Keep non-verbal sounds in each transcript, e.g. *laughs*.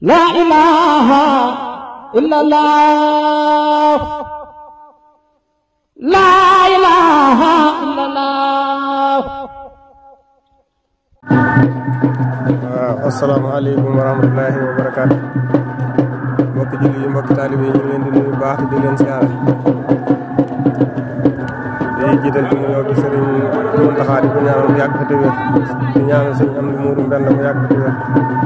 لا إله إلا الله لا إله إلا الله آه، السلام عليكم ورحمة الله وبركاته مك جلي مك طالبين جلين دلين باحت دلين سيارة دي جدل بني يوبي سرين دون تخاري بنيان نعم، مياك فتوير بنيان نعم، سرين أمد مورم نعم، بنيان مياك فتوير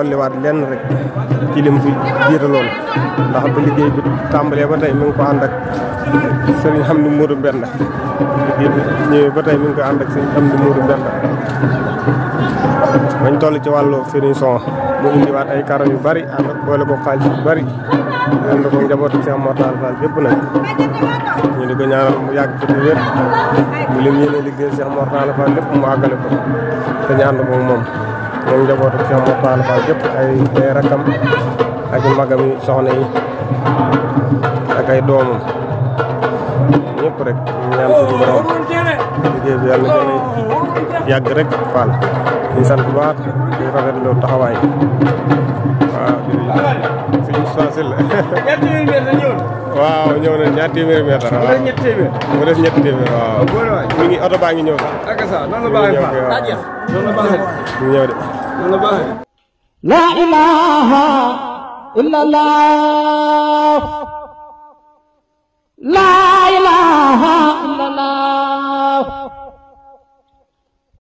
dolliwaat lenn rek ci lim fi jiitaloon ndax ba liggéey bi tàmbalee ba tay mi ngi ko ànd xam ni Modou benn liggéey bi ba tey mi ko ànd ak sëriñ xam ni ci wàllu sëriñ son mu indiwaat ay karam yu bari ànd ak boole ko xaalis yu bari leen da ko njabootu Cheikh Mortal Fall yëpp nag ñu di ko ñaanal mu yàgg ci wér mu lim yéene liggéey Cheikh Mortal Fall lépp mu àggale ko ñu ànd moom ñoom njabootu Cheikh Moustapha Fall yëpp ay ay rakam ak i magam yi soxna yi ak ay doomam ñëpp rek ñaan suñu borom liggéey bi yàlla gën a yàgg rek Fall di sant bu baax di rafetlu taxawaay waaw. *laughs* waaw ñëw na ñaar téeméeri mètre waaw mu def ñetti téeméer. mu waaw. Oh, mi ngi oto baa ngi ñëw sax. ak sa noonu la baaxee faa daa jeex noonu la baaxee. mu ñëw